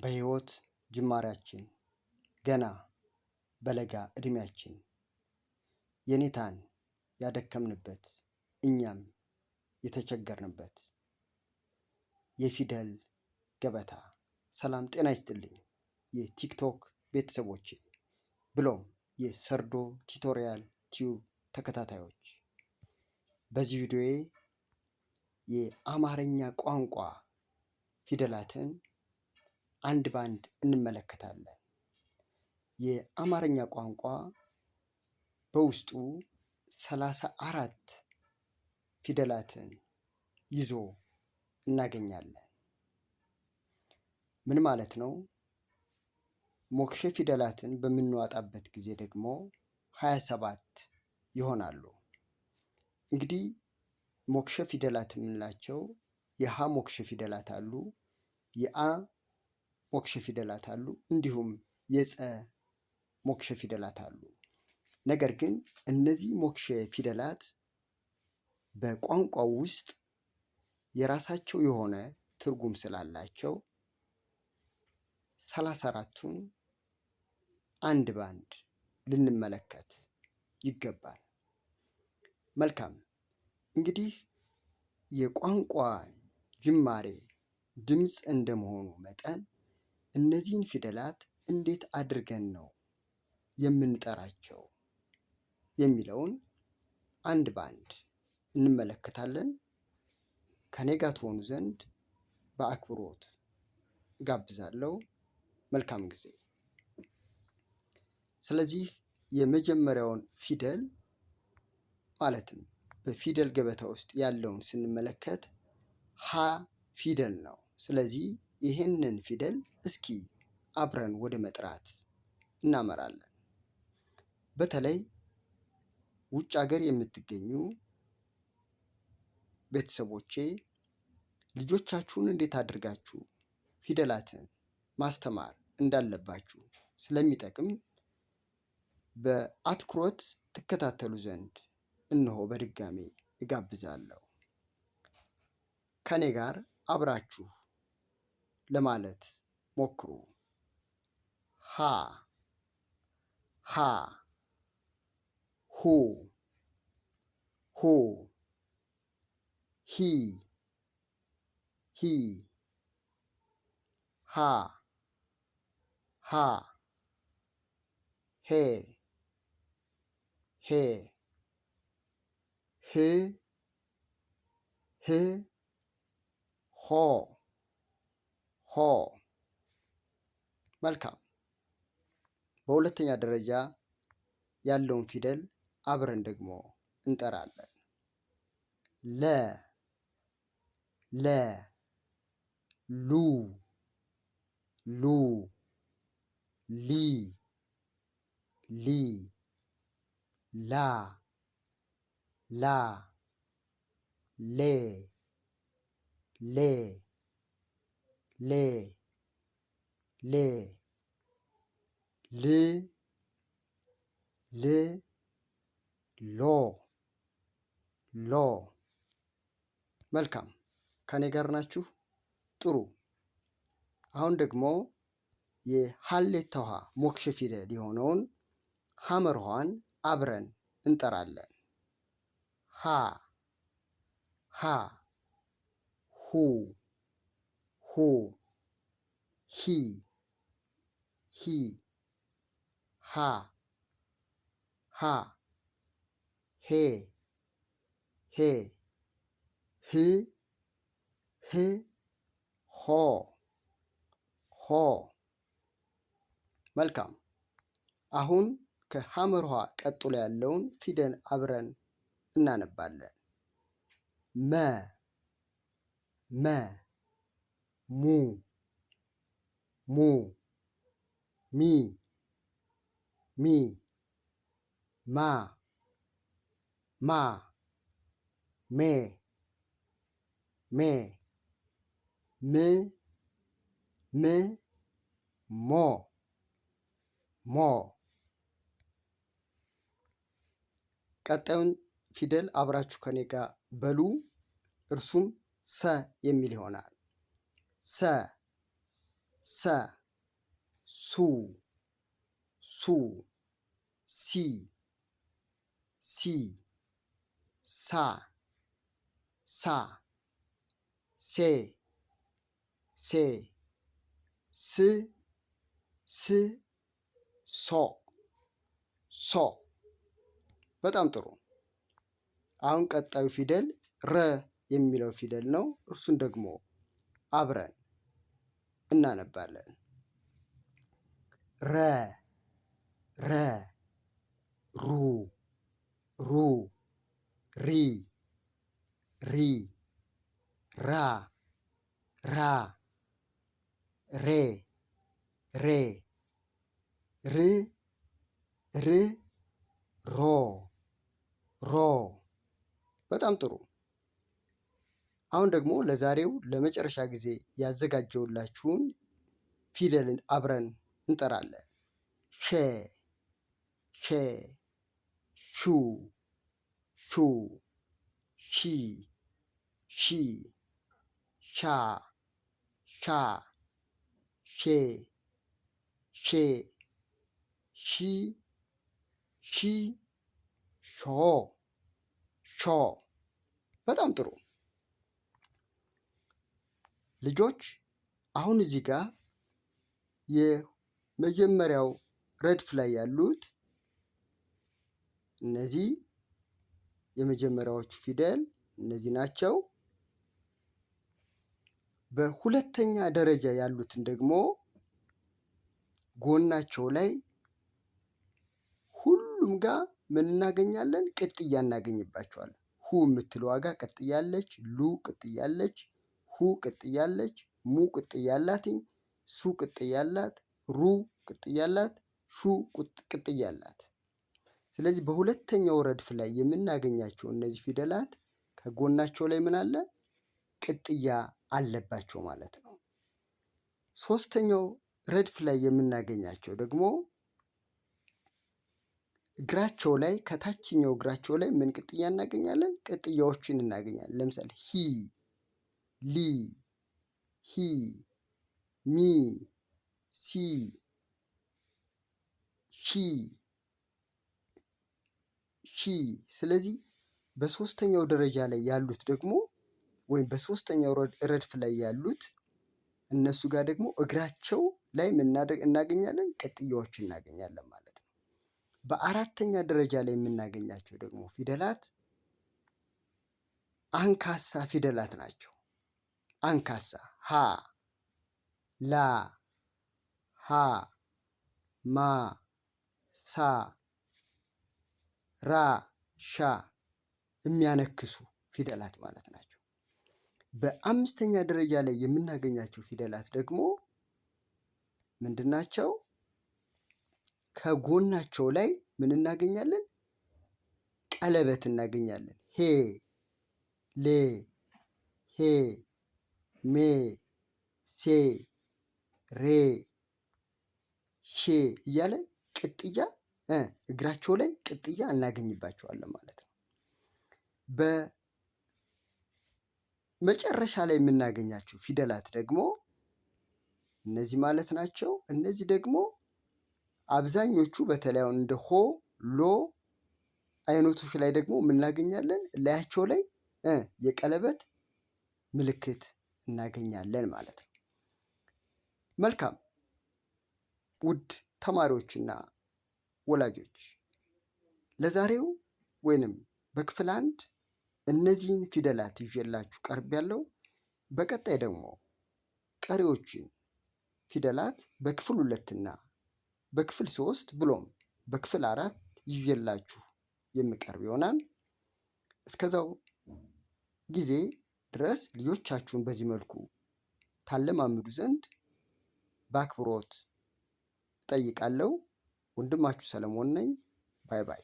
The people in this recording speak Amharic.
በህይወት ጅማሬያችን ገና በለጋ እድሜያችን የኔታን ያደከምንበት እኛም የተቸገርንበት የፊደል ገበታ። ሰላም ጤና ይስጥልኝ የቲክቶክ ቤተሰቦች ብሎም የሰርዶ ቲቶሪያል ቲዩብ ተከታታዮች በዚህ ቪዲዮዬ የአማርኛ ቋንቋ ፊደላትን አንድ በአንድ እንመለከታለን። የአማርኛ ቋንቋ በውስጡ ሰላሳ አራት ፊደላትን ይዞ እናገኛለን። ምን ማለት ነው? ሞክሸ ፊደላትን በምንዋጣበት ጊዜ ደግሞ ሀያ ሰባት ይሆናሉ። እንግዲህ ሞክሸ ፊደላት የምንላቸው የሀ ሞክሸ ፊደላት አሉ። የአ ሞክሸ ፊደላት አሉ፣ እንዲሁም የፀ ሞክሸ ፊደላት አሉ። ነገር ግን እነዚህ ሞክሸ ፊደላት በቋንቋው ውስጥ የራሳቸው የሆነ ትርጉም ስላላቸው ሰላሳ አራቱን አንድ ባንድ ልንመለከት ይገባል። መልካም እንግዲህ የቋንቋ ጅማሬ ድምፅ እንደመሆኑ መጠን እነዚህን ፊደላት እንዴት አድርገን ነው የምንጠራቸው የሚለውን አንድ በአንድ እንመለከታለን። ከኔ ጋር ትሆኑ ዘንድ በአክብሮት እጋብዛለሁ። መልካም ጊዜ። ስለዚህ የመጀመሪያውን ፊደል ማለትም በፊደል ገበታ ውስጥ ያለውን ስንመለከት ሀ ፊደል ነው። ስለዚህ ይህንን ፊደል እስኪ አብረን ወደ መጥራት እናመራለን። በተለይ ውጭ ሀገር የምትገኙ ቤተሰቦቼ ልጆቻችሁን እንዴት አድርጋችሁ ፊደላትን ማስተማር እንዳለባችሁ ስለሚጠቅም በአትኩሮት ትከታተሉ ዘንድ እነሆ በድጋሜ እጋብዛለሁ። ከኔ ጋር አብራችሁ ለማለት ሞክሩ። ሀ ሀ ሁ ሁ ሂ ሂ ሃ ሃ ሄ ሄ ህ ህ ሆ ሆ መልካም። በሁለተኛ ደረጃ ያለውን ፊደል አብረን ደግሞ እንጠራለን። ለ ለ ሉ ሉ ሊ ሊ ላ ላ ሌ ሌ ሌ ሌ ል ል ሎ ሎ መልካም ከኔ ጋር ናችሁ? ጥሩ። አሁን ደግሞ የሀሌታ ውሃ ሞክሽ ፊደል የሆነውን ሐመር ውሃን አብረን እንጠራለን። ሀ ሀ ሁ ሁ ሂ ሂ ሃ ሃ ሄ ሄ ህ ህ ሆ ሆ መልካም። አሁን ከሐመርኋ ቀጥሎ ያለውን ፊደል አብረን እናነባለን። መ መ mu mu mi mi ma ma me me me me mo mo ቀጣዩን ፊደል አብራችሁ ከኔ ጋር በሉ። እርሱም ሰ የሚል ይሆናል። ሰ ሰ ሱ ሱ ሲ ሲ ሳ ሳ ሴ ሴ ስ ስ ሶ ሶ በጣም ጥሩ። አሁን ቀጣዩ ፊደል ረ የሚለው ፊደል ነው። እርሱን ደግሞ አብረን እናነባለን። ረ ረ ሩ ሩ ሪ ሪ ራ ራ ሬ ሬ ር ር ሮ ሮ በጣም ጥሩ። አሁን ደግሞ ለዛሬው ለመጨረሻ ጊዜ ያዘጋጀውላችሁን ፊደልን አብረን እንጠራለን። ሸ ሸ ሹ ሹ ሺ ሺ ሻ ሻ ሼ ሼ ሺ ሺ ሾ ሾ። በጣም ጥሩ። ልጆች አሁን እዚህ ጋር የመጀመሪያው ረድፍ ላይ ያሉት እነዚህ የመጀመሪያዎቹ ፊደል እነዚህ ናቸው። በሁለተኛ ደረጃ ያሉትን ደግሞ ጎናቸው ላይ ሁሉም ጋር ምን እናገኛለን? ቅጥያ እናገኝባቸዋለን። ሁ የምትለዋ ጋር ቅጥያለች፣ ሉ ቅጥያለች፣ ሁ ቅጥያ አለች፣ ሙ ቅጥያ አላትኝ፣ ሱ ቅጥያ አላት፣ ሩ ቅጥያ ሹ ቅጥያ አላት። ስለዚህ በሁለተኛው ረድፍ ላይ የምናገኛቸው እነዚህ ፊደላት ከጎናቸው ላይ ምን አለ? ቅጥያ አለባቸው ማለት ነው። ሶስተኛው ረድፍ ላይ የምናገኛቸው ደግሞ እግራቸው ላይ ከታችኛው እግራቸው ላይ ምን ቅጥያ እናገኛለን? ቅጥያዎችን እናገኛለን። ለምሳሌ ሂ ሊ ሂ ሚ ሲ ሺ ሺ። ስለዚህ በሶስተኛው ደረጃ ላይ ያሉት ደግሞ ወይም በሶስተኛው ረድፍ ላይ ያሉት እነሱ ጋር ደግሞ እግራቸው ላይ እናገኛለን ቅጥያዎች እናገኛለን ማለት ነው። በአራተኛ ደረጃ ላይ የምናገኛቸው ደግሞ ፊደላት አንካሳ ፊደላት ናቸው። አንካሳ ሀ ላ ሀ ማ ሳ ራ ሻ የሚያነክሱ ፊደላት ማለት ናቸው። በአምስተኛ ደረጃ ላይ የምናገኛቸው ፊደላት ደግሞ ምንድን ናቸው? ከጎናቸው ላይ ምን እናገኛለን? ቀለበት እናገኛለን። ሄ ሌ ሄ ሜ ሴ ሬ ሼ እያለ ቅጥያ እግራቸው ላይ ቅጥያ እናገኝባቸዋለን ማለት ነው። በመጨረሻ ላይ የምናገኛቸው ፊደላት ደግሞ እነዚህ ማለት ናቸው። እነዚህ ደግሞ አብዛኞቹ በተለይ እንደ ሆ፣ ሎ አይነቶች ላይ ደግሞ የምናገኛለን ላያቸው ላይ የቀለበት ምልክት እናገኛለን ማለት ነው። መልካም ውድ ተማሪዎችና ወላጆች ለዛሬው ወይንም በክፍል አንድ እነዚህን ፊደላት ይዤላችሁ ቀርብ ያለው በቀጣይ ደግሞ ቀሪዎችን ፊደላት በክፍል ሁለትና በክፍል ሶስት ብሎም በክፍል አራት ይዤላችሁ የሚቀርብ ይሆናል። እስከዛው ጊዜ ድረስ ልጆቻችሁን በዚህ መልኩ ታለማምዱ ዘንድ በአክብሮት እጠይቃለሁ። ወንድማችሁ ሰለሞን ነኝ። ባይ ባይ።